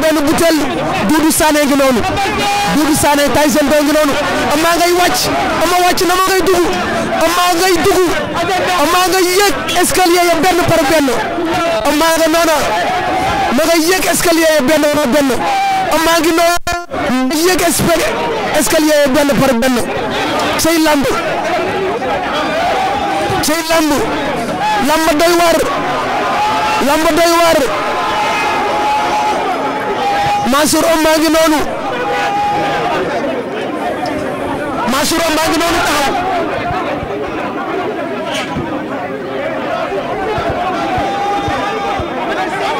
benn butel Doudou Sané ngi noonu Doudou Sané Tyson do ngi noonu Ama ngay wàcc Ama wàcc na ma ngay dugg Ama ngay dugg Ama benn par benn Ama nga noona ma ngay yéeg escalier benn par benn Ama lamb say lamb lamb doy waar Mansour Om maa ngi noonu Mansour Om ngi noonu taxaw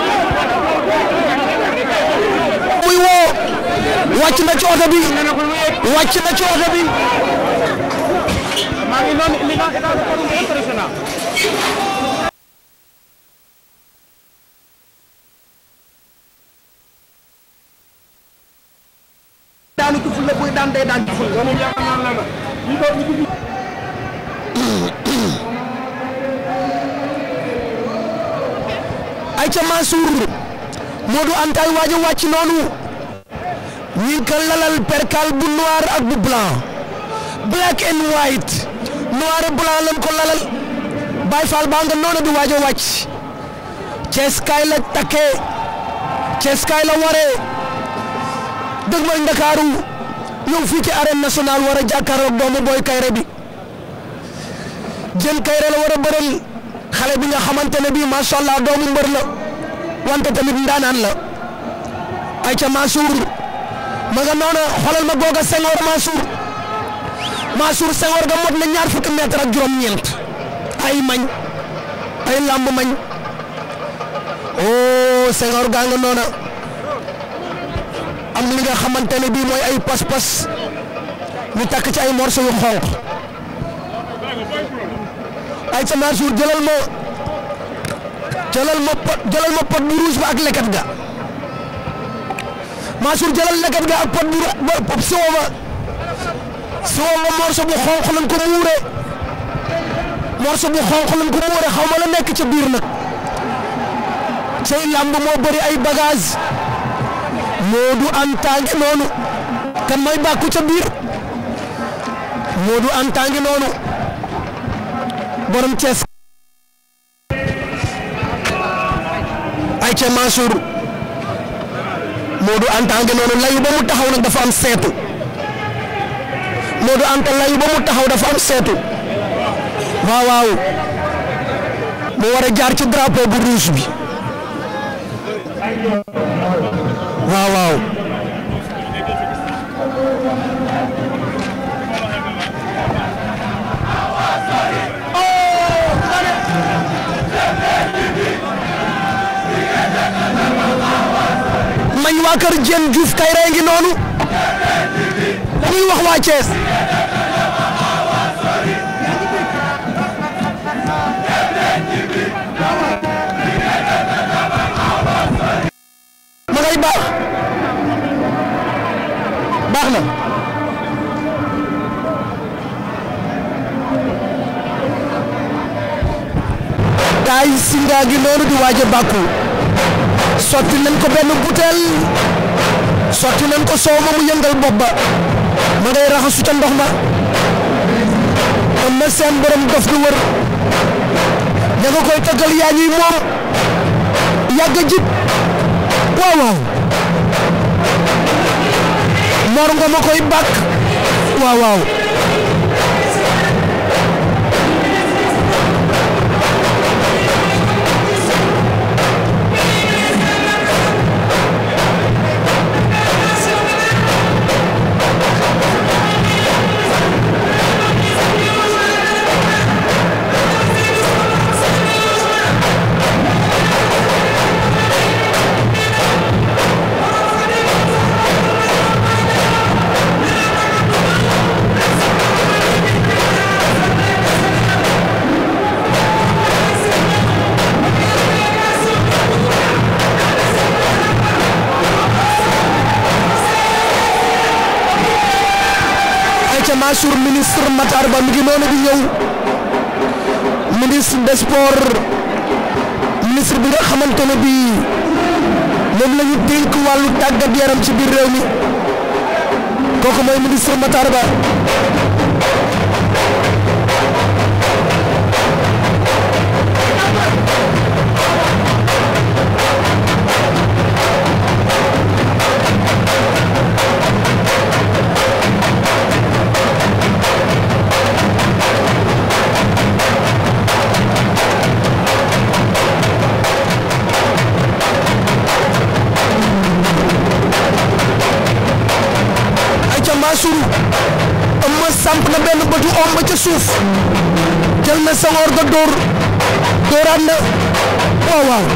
muy woo wàcc na ci bi wàcc na ci bi Mansour Modou Anta ay waaj a wàcc noonu ñi ngi lalal percal bu noir ak bu blanc black and white noir et blanc lañ ko lalal Baye baa nga noonu di waaj a wàcc ceeskaay la takkee ceeskaay la waree dëgmal Ndakaaru ñëw fii ci arène nationale war a jàkkaarloog doomu Boy Kayre bi jën Kayre la war a xale bi nga xamante ne bii macha doomu mbër la. wante tamit ndaanaan la ay ca Mansour ma nga noona xoolal ma googa Senghor Mansour Mansour Senghor ga na ñaar fukki mètre ak juróom-ñeent ay mañ ay lamb mañ oh Senghor gaa nga noona am li nga xamante ne bii mooy ay pas-pas ñu takk ci ay morceau yu xonq ay ca Mansour jëlal ma. jëlal ma pot jëlal ma pot bu ba ak leket ga Mansour jëlal leket ga ak pot bu pop siwo ba ba morso bu xonq lañ ko muure morso bu xonq lañ ko muure xaw ma la nekk ca biir na cey làmb moo bëri ay bagage moo du antaange noonu kan may bàkku ca biir moo du antaange noonu borom Cees ay ca Mansour Modou Anta ngi noonu layu ba mu taxaw nag dafa am seetu Modou Anta layu ba mu taxaw dafa am seetu waaw mu war a jaar ci drapeau bu rouge bi waaw nañ waa kër Diène Diouf Kaïré ngi noonu dañuy wax waa Thiès ma ngay baax baax na tay singa gi noonu di waaj bàkku sotti nañ ko benn butéel sotti nañ ko soow ma mu yëngal bopp ba ma ngay raxasu ca ndox ma am na seen borom dof du wër ña nga koy tëggal yaa ñuy moom yàgg a jib waaw waaw mor nga ma koy bàkk waaw waaw ca Mansour ministre Matar Ba mi ngi noonu di ñëw ministre des sports ministre bi nga xamante ne bii moom la ñu dénk wàllu tàggat yaram ci biir réew mi kooku mooy ministre Matar Ba. Bassirou Eumeu samp na benn bëtu om ba ca suuf jël na sa ngoor ga dóor dóoraat na waaw waaw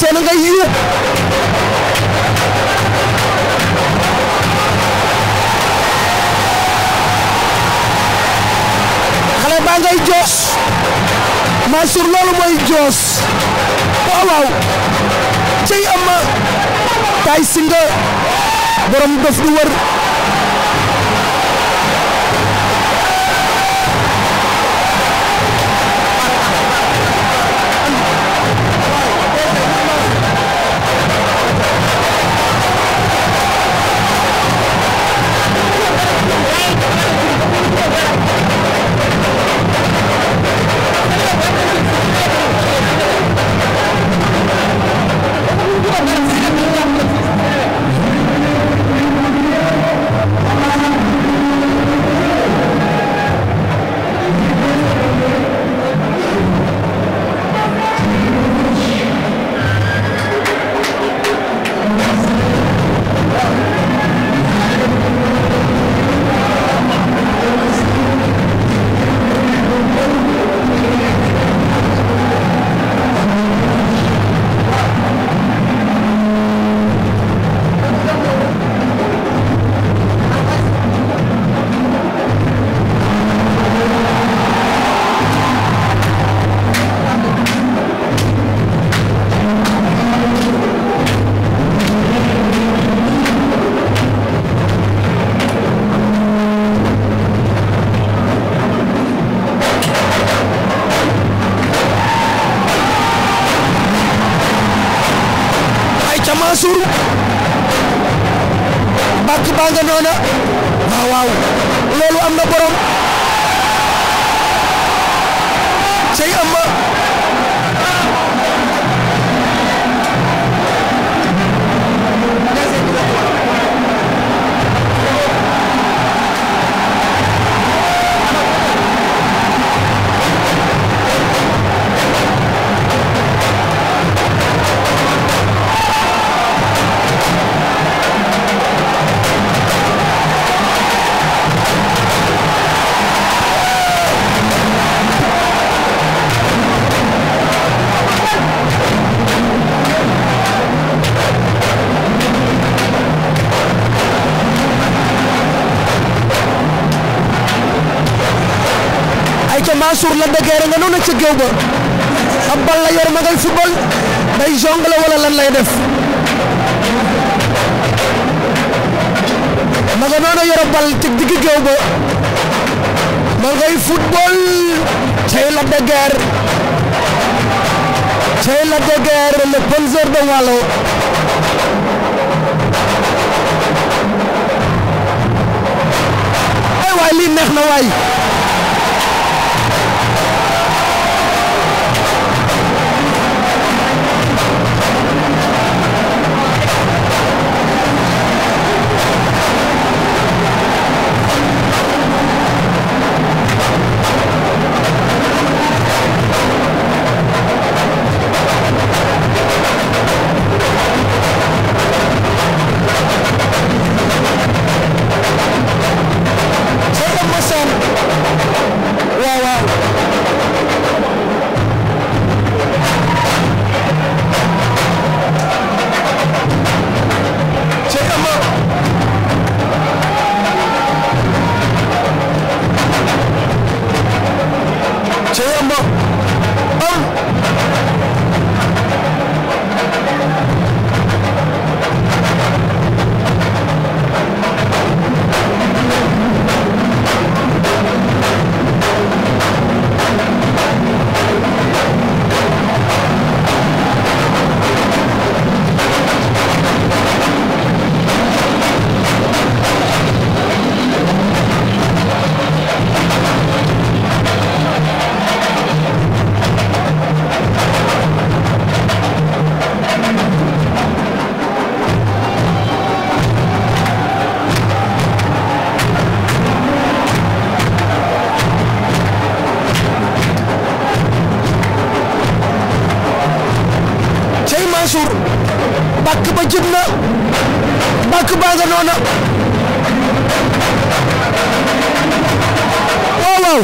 sonn nga yuux xale baa ngay joos Mansour loolu mooy joos waaw oh, waaw cey ma tay si nga borom dof du Mansour la de Guiers nga noonu ca géew ba ab bal la yor ma ngay football day jongle wala lan lay def ma nga noonu yor bal ci digg géew ba ma ngay football cay Lac de Guiers cay Lac de Guiers Waalo ay waay lii neex na waay waaw waaw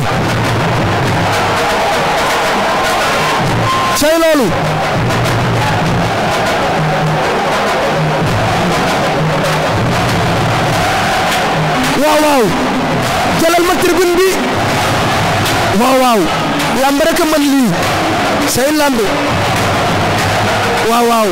taxaw cay loolu waaw waaw ma tribune bi waaw waaw lamb rek a mën lii say lamb waaw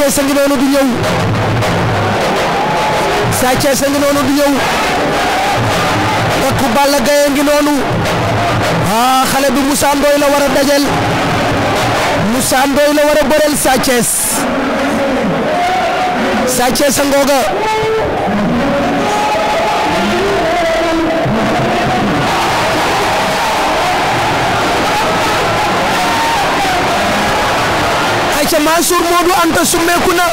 Thiès a ngi noonu di ñëw Sa a ngi noonu di ñëw takku Balla Gaye a ngi noonu ah xale bi Moussa Ndoye la war a dajel Moussa Ndoye la war a bëreel Sa Thiès a ngooga ca Mansour Modou Anta summeeku na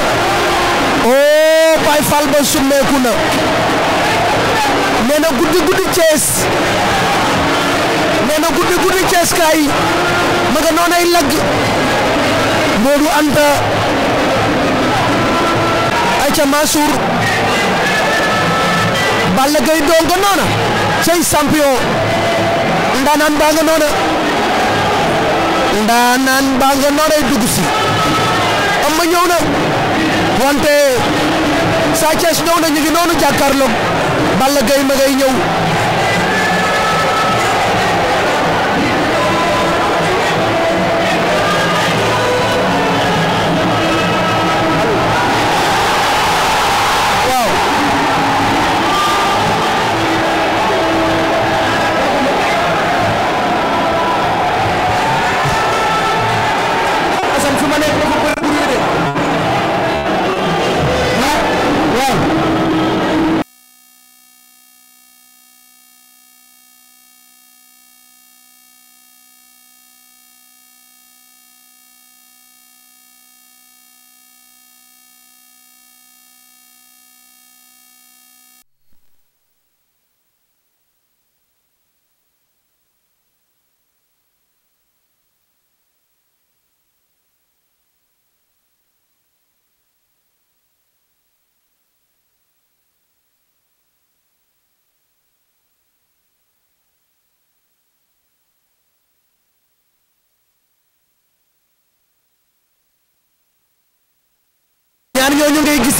oh Baye Fall summeeku na nee na guddi guddi Cees nee na guddi guddi Cees kaay ma nga noonay lagg Modou Anta ay ca Mansour Balla Gaye doo nga noona cay champion ndaanaan baa nga noona ndaanaan baa nga naray dugg si am ma ñëw na wante Sa Thiès ñëw na ñu ngi noonu jàkkaarloog Balla Gaye ma ngay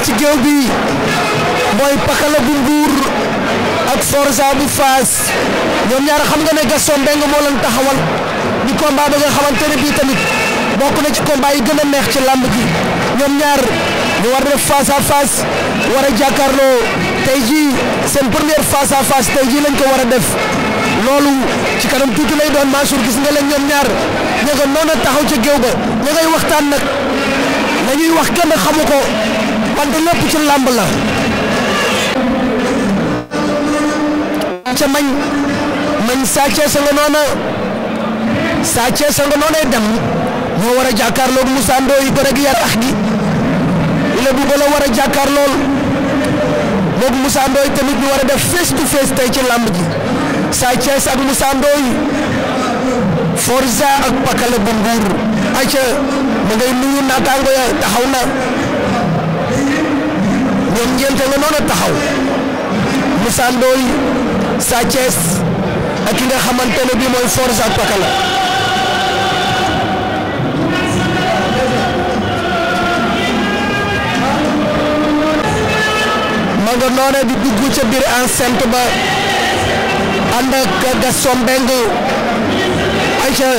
ci géew bi mooy Pakala bu Mbuur ak Forza bu Faas ñoom ñaar xam nga ne Gaston Mbengue moo leen taxawal di combat ba nga xamante ne bii tamit bokk na ci combat yi gën a neex ci làmb gi ñoom ñaar ñu war a def face à war a jàkkaarloo tey jii seen première face à face tey jii lañ ko war a def loolu ci kanam tuuti lay doon Mansour gis nga leen ñoom ñaar ña nga noonu taxaw ca géew ba ña ngay waxtaan nag la ñuy wax kenn xamu ko. wante lépp ci làmb la ca mañ mañ Sa Thiès nga noona Sa Thiès nga noonay dem moo war a jàkkaarloog Moussa Ndoye ko rek yar ax gi lébu ba la war a jàkkaarlool moog Moussa Ndoye tamit ñu war a def face to face tey ci làmb ji Sa Thiès ak Moussa Ndoye Forza ak Pakala bu Mbuur aca ma nuyu naataango ya taxaw na ñoom ñeente nga noonu taxaw Moussa Ndoye Sa Thiès ak nga xamante ne bii mooy Forza ak Pakala ma nga noone di dugg ca biir enceinte ba ànd ak Gaston Mbengue ayca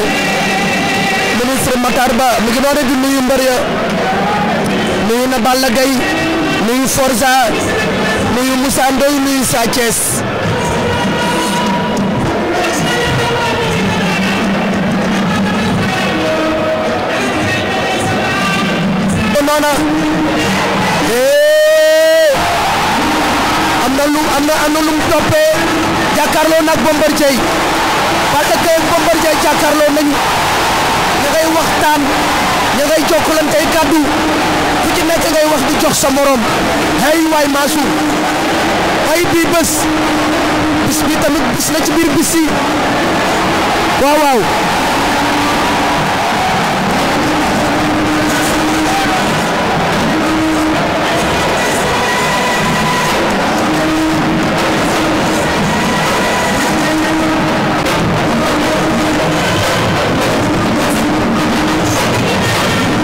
ministre Matar Ba mu ngi noone di nuyu mbër ya nuyu na Balla Gaye nuyu Forza nuyu Moussa Ndoye nuyu Sa Thiès noona ee am na lum am na am na lum toppee jàkkaarloo nag Bombardier parce que Bombardier jàkkaarloo nañu waxtaan ña ngay jokkalante ay kàddu ci nekk wax di jox sa morom hey ay bii bés bis bi tamit bis la ci biir bis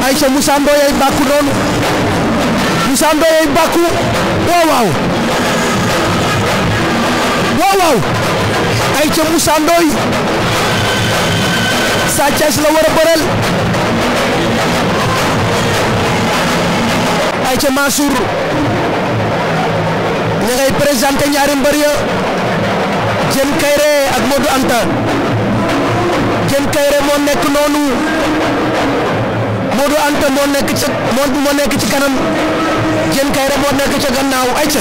Aïcha Moussa Ndoye ay bàkku noonu Moussa Ndoye ay bàkku waaw waaw waaw waaw Aïcha Moussa Ndoye Sa la war a bëreel Aïcha Mansour ña ngay ñaari mbër ya Diène Kairé ak Modou Anta Diène Kairé moo nekk noonu Modou Anta moo nekk ca Modou moo nekk ci kanam Diène Kaïré moo nekk ca gannaaw ay ca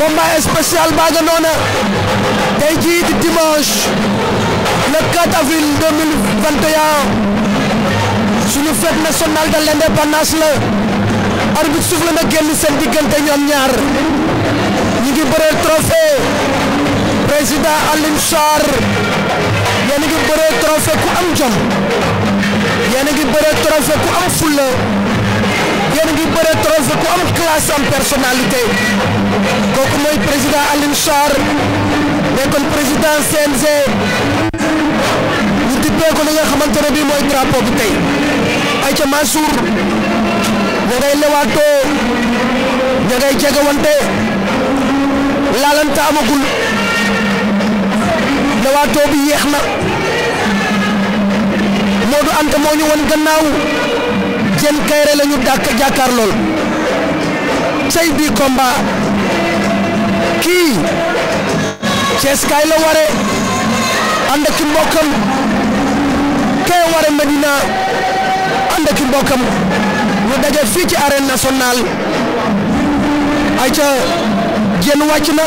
combat spécial baa nga noona tey jii di dimanche le 4 avril 2021 suñu fête nationale de l'indépendance la arbitre souffle na génn seen diggante ñoom ñaar ñi ngi bëree trophée président Alioune Sarr ngi bëree trophée ku am jom yéen ngi bëree trophée ku am fulla di bëre trose ku am kooku mooy président Alioune Sarr nekkoon président CNG ñu dippee ko li nga xamante ne bii mooy drapeau bi tey Aïcha Mansour ña ngay lewaatoo ña ngay jegewante laalante bi yéex na du Anta moo ñu won gannaaw Diène Kaïré lañu ñu dàkk jàkkaar lool say bi combat kii Cees kaay la ware ànd ak mbokkam kee ware Medina ànd ak mbokkam ñu daje fii ci arène nationale ay ca Diène wàcc na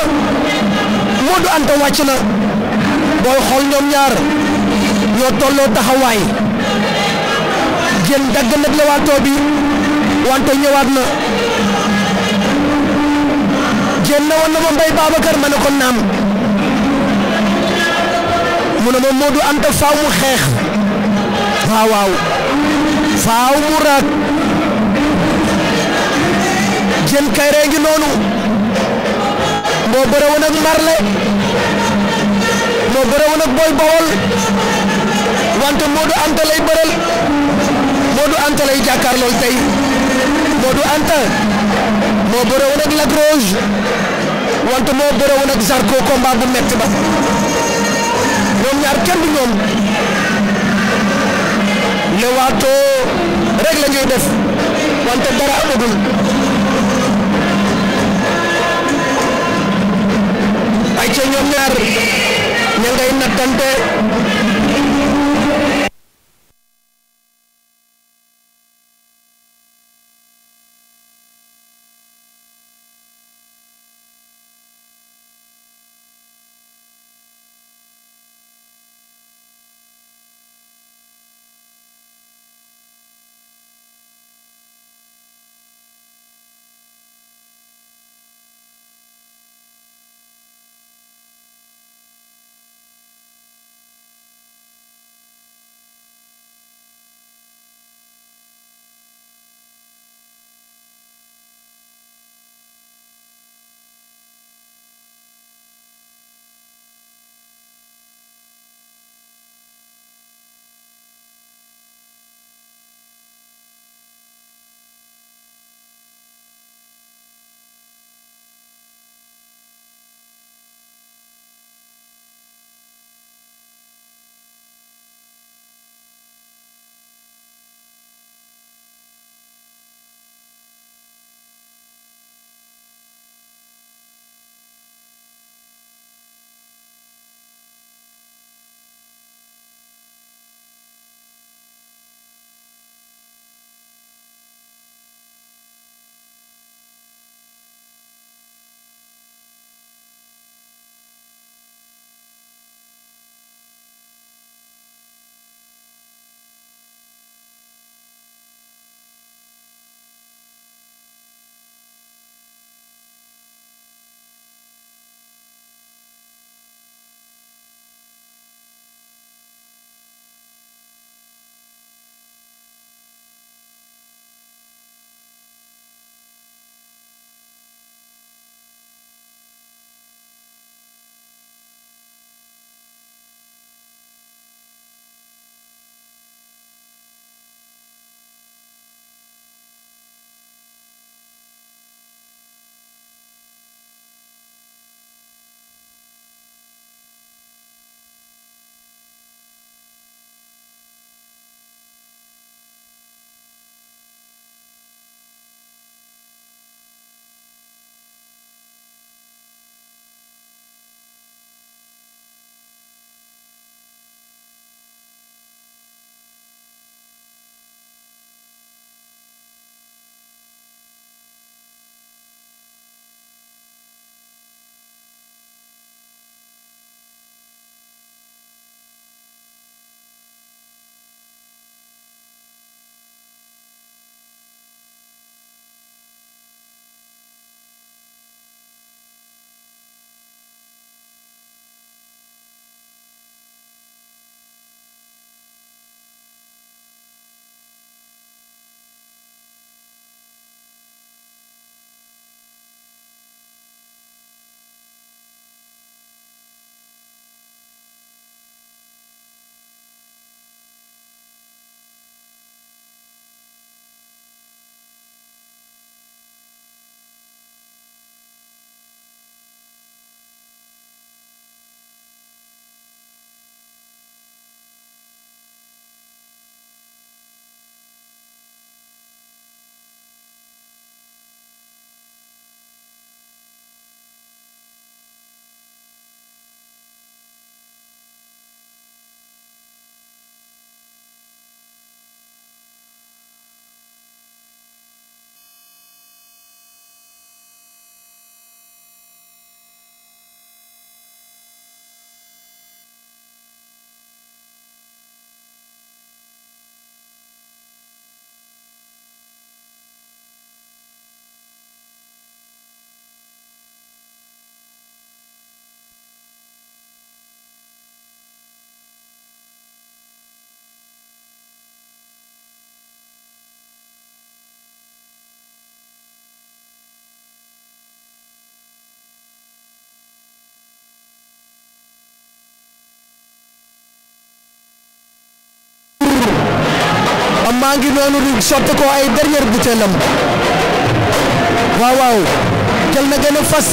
Modou Anta wàcc na booy xool ñoom ñaar ñoo tolloo taxawaay seen dagg nag waatoo bi wante ñëwaat na jéem na woon na ma Mbaye Babacar ma ko naam mu ne ma Modou Anta faaw mu xeex waaw waaw faaw mu raak jën kayre ngi noonu moo bëre woon ak Marley moo bëre woon ak Boy Bawol wante Modou Anta lay bëreel Modou Anta lay jàkkaar lool tey Modou Anta ñoom ñaar kenn du ñoom lewaatoo rek la ñuy def wante dara amagul ay ca ñoom ñaar ña ngay nattante maa ngi noonu di sotti ko ay dernière butéelam waaw waaw jël na gën a fas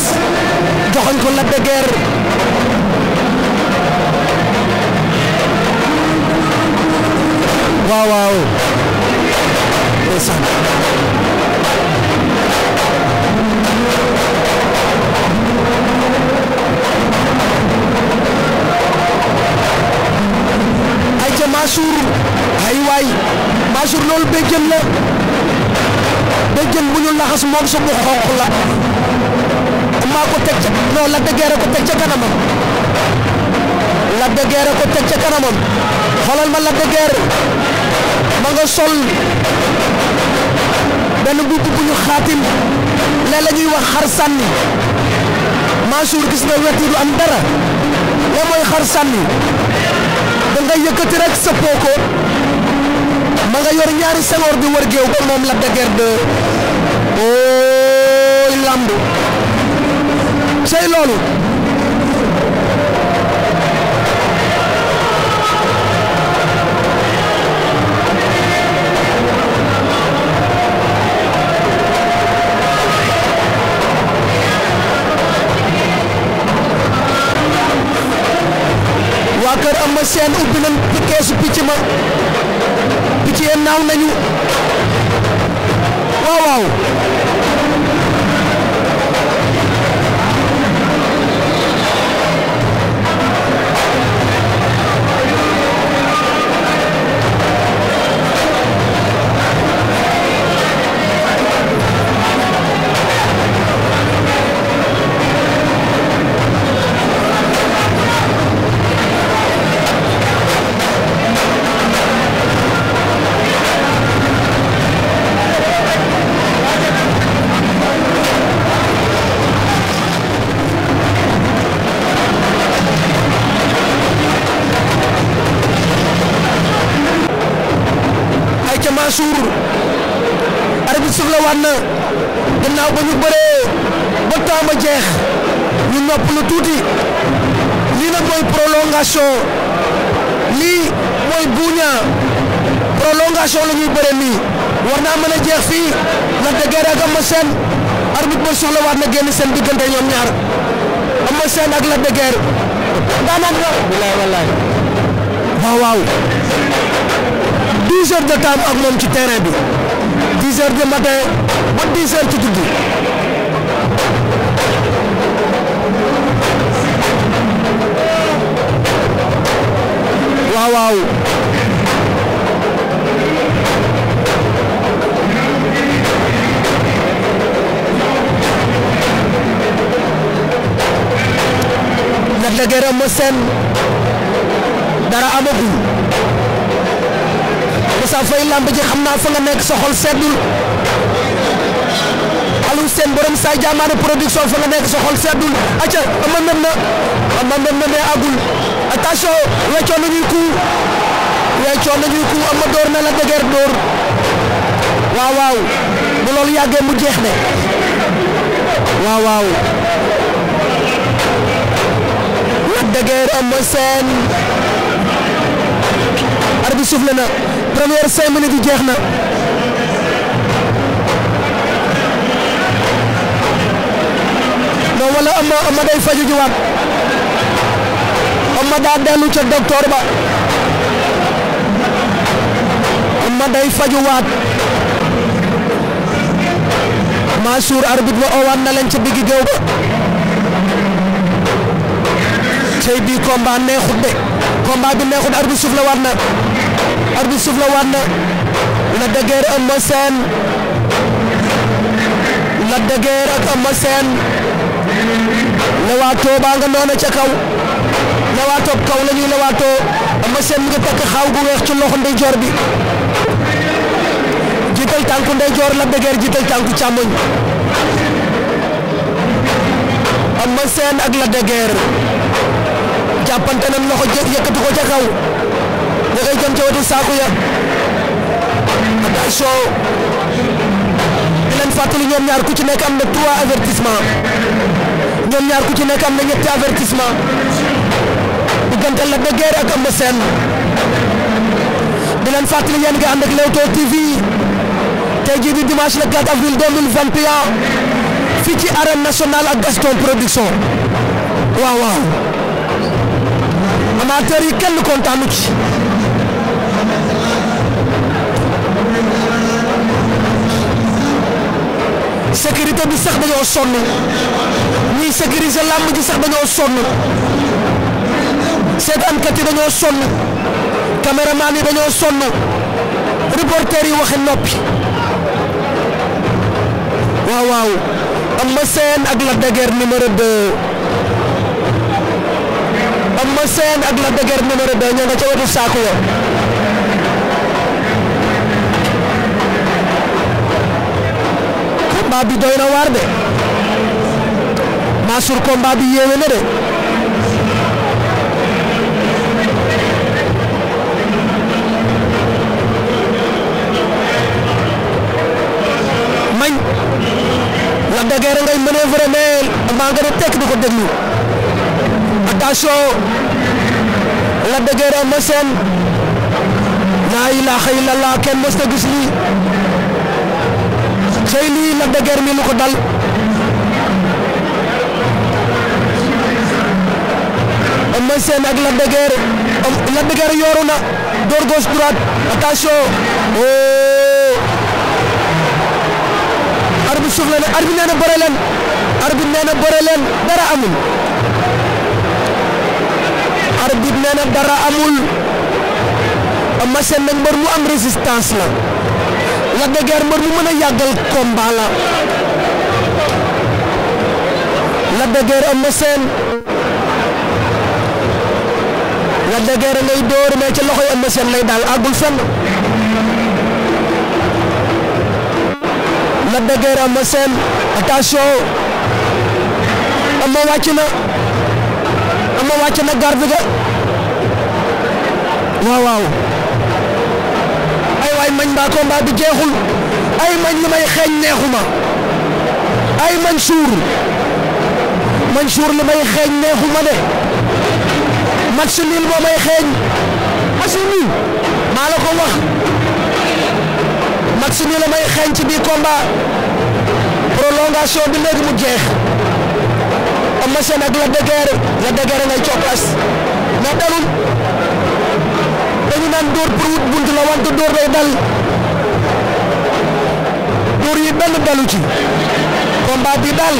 joxoñ ko la de guerre laxas moom sumu xonq la maa ko teg ca non Lac de Guiers ko teg ca kanamam Lac de Guiers ko teg ca kanamam xoolal ma Lac de Guiers ma nga sol benn mbubb bu ñu xaatim la ñuy wax xar sànni Mansour gis nga wet yi am dara la mooy xar sànni da nga yëkkati rek sëppoo ko ma nga yor ñaari sengoor di wër géew ba moom Lac de Guiers làmb sey loolu waa kër Eumeu Sène ubbi nañ keesu picc ma picc yee naaw nañu waaw Mansour arbitre suuf la jeex ñu tuuti lii nag mooy lii mooy buña prolongation la ñuy nii jeex fii ndax de guerre ak Eumeu seen diggante ñoom ñaar Eumeu Sène ak Lac de waaw waaw. dix heures de temps ak moom ci terrain bi dix heures de matin ba dix heures ci guddi waaw waaw Lac de Guiers Eumeu Sène dara Moussa Faye lamb xam naa fa nga nekk sa xol seddul Aliou Sène borom saa jaamaane production fa nga nekk sa xol seddul acca ama nem na ama nem na mais agul attention weccoo nañuy coup weccoo nañuy coup ama door na la dëgër door waaw waaw bu loolu yàggee mu jeex ne waaw waaw la dëgër ama seen arbi suuf la na première cinq minutes yi jeex na. non wala ama ama day faju ji waat ama daa dellu ca docteur ba ama day faju waat Mansour arbitre ba owaat na leen ca diggi géew ba cey bi combat neexut de combat bi neexut arbitre suuf la waat na arbitre suuf la waat na Lac de Guiers Eumeu Sène Lac de Guiers ak Eumeu Sène lewaatoo baa nga noona ca kaw lewaatoo kaw la ñuy lewaatoo Eumeu Sène xaaw gu weex ci loxo ndeyjoor bi jiital tànku ndeyjoor Lac de Guiers jiital tànku càmmoñ Eumeu ak Lac de Guiers jàppante nañ loxo yëkkati ko ca kaw ngay jëm ca wetu saako ya attention di leen fàttali ñoom ñaar ku ci nekk am na trois avertissement ñoom ñaar ku ci nekk am na ñetti avertissement diggante Lac de Guiers ak Eumeu Sène di leen fàttali yéen nga ànd ak Leewtoo TV tey jii di dimanche le 4 avril 2021 fii ci arène nationale ak Gaston production waaw waaw amateur yi kenn kontaanu ci. sécurité bi sax dañoo sonn ñiy sécuriser làmb ji sax dañoo sonn seet seetaankat yi dañoo sonn caméraman yi dañoo sonn reporter yi waxe noppi waaw waaw Eumeu Sène ak Lac de Guiers numéro 2 Eumeu Sène ak Lac de Guiers numéro 2 ñoo nga ca wetu saako ya combat la daggeer ngay manœuvre mais maa nga ne tekk di ko déglu attention la daggeer am na seen laa ilaaha gis lii cey lii Lac de Guiers mi lu ko dal Eumeu Sène ak Lac de Guiers Lac de Guiers yooru na door gauche droite attention oh arbitre la ne arbitre nee na bëre leen arbitre nee na bëre leen dara amul arbitre nee na dara amul Eumeu Sène nag mbër mu am résistance la Lac de Guiers mbër mu mën a yàggal combat la Lac de Guiers Eumeu Sène ngay dóor mais ci loxoy Eumeu Sène lay daal àggul fenn Lac de Guiers Eumeu Sène attention wàcc na Eumeu wàcc na garde ga waaw ay mañ mbaa combat bi ay mañ li may xeeñ neexuma ay mañ suur mañ may xeeñ neexuma de match nul moo may xeeñ match nul maa la ko wax match nul la may xeeñ ci biir combat prolongation bi léegi mu jeex am na seen ak la dëgër la dëgër ngay cokkas mais dalul daan dóor pour bunt la wante dóor day dal dóor yi benn dalu ci combat bi daal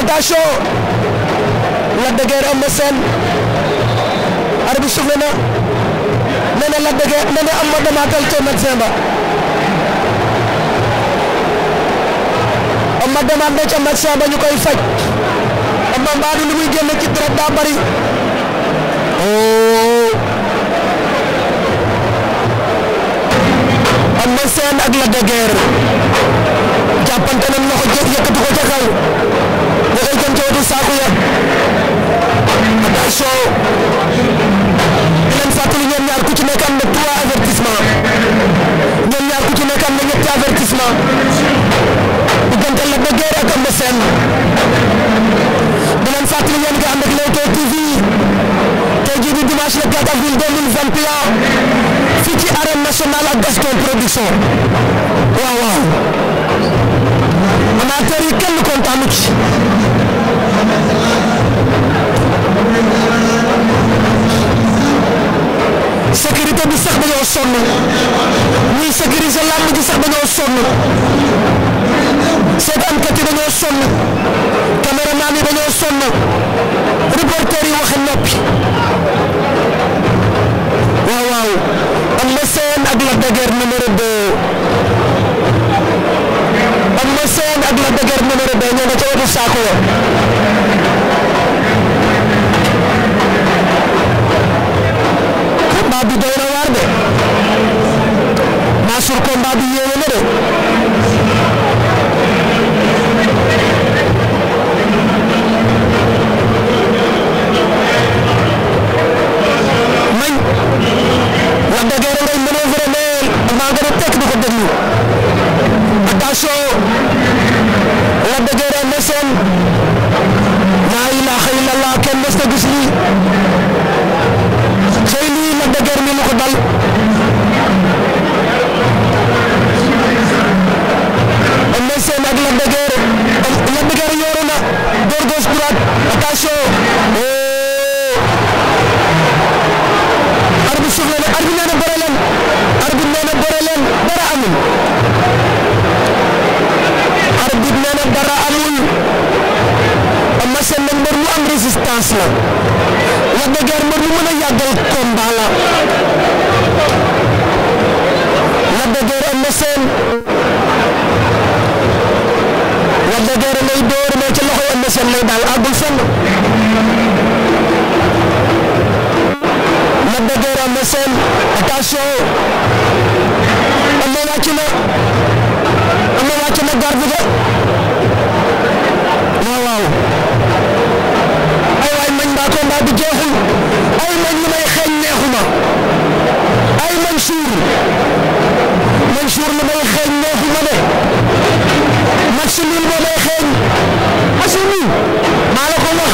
attention Lac de Guiers Eumeu na nee na Lac de Guiers nee na dama tel ca médecin ba Eumeu demande na ca médecin ba ñu koy faj Eumeu mbaadu li muy génn ci deret daa bari woon ak Lac de Guiers jàppante nañ loxo jëf yëkkati ko ca kaw nga koy jëm ca wetu saako ya attention di leen fàttali ñoom ñaar ku ci nekk am na trois avertissement ñoom ñaar ku ci nekk am na ñetti avertissement diggante Lac de Guiers ak Eumeu Sène di leen fàttali ñoom nga ànd ak Leewtoo TV tey jii di dimanche le 4 avril 2021 fii ci arène national ak Gaston production waaw waaw amateur yi kenn kontaanu ci sécurité bi sax dañoo sonn ñuy sécuriser làmb ji sax dañoo sonn Guiers numéro 2 Eumeu Sène de Guiers numéro 2 ñoo nga ca wetu saako combat bi doy na waar de Mansour combat de man attention oh. arbitre suuf na arbitre nee na bëre leen arbitre nee na bëre leen dara amul arbitre nee na dara amul Eumeu Sène nag mbër mu am résistance la Lac de Guiers mbër mën a yàggal ko Mansour Mansour li may xeeñ neexu ma de match nul moo may xeeñ match nul maa la ko wax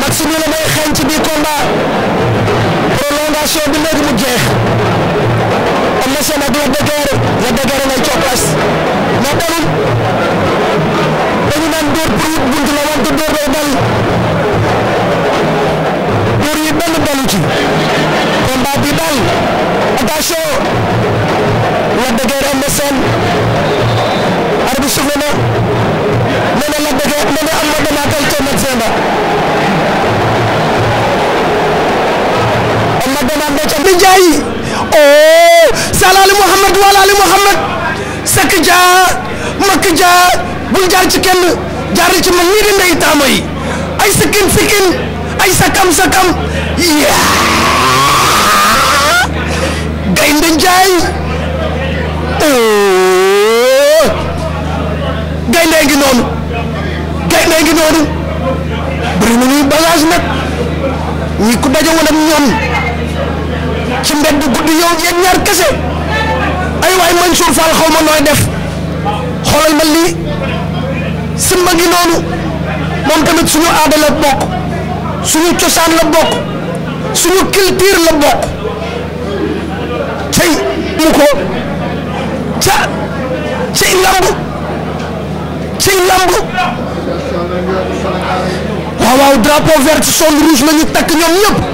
match nul la may xeeñ ci biir combat prolongation bi léegi mu jeex am na seen ak la dëgër la dëgër lay coppas moo dalul dañu naan dóor pour wut bunt la wante dóor day dal dóor yi benn dalu ci seen arbi suuf na nee na la dëgg nee na am na damaatal ca médecin ba am na damaat oh, ca bi jaay oo salaali Muhammad walaali jaa makk jaa bul jaar ci kenn ci ay sikkin sikkin gaynde gi noonu gaynde ngi noonu bëri na ñuy bagage nag ñi ku dajewul ak ñoom ci mbedd guddi yow yéen ñaar kese ay waay Mansour Fall xaw nooy def xoolal ma lii simba ngi noonu moom tamit suñu aada la bokk suñu cosaan la bokk suñu culture la bokk tey mu sey lamb sey lamb waaw waaw drapeau vert jaune rouge la ñu takk ñoom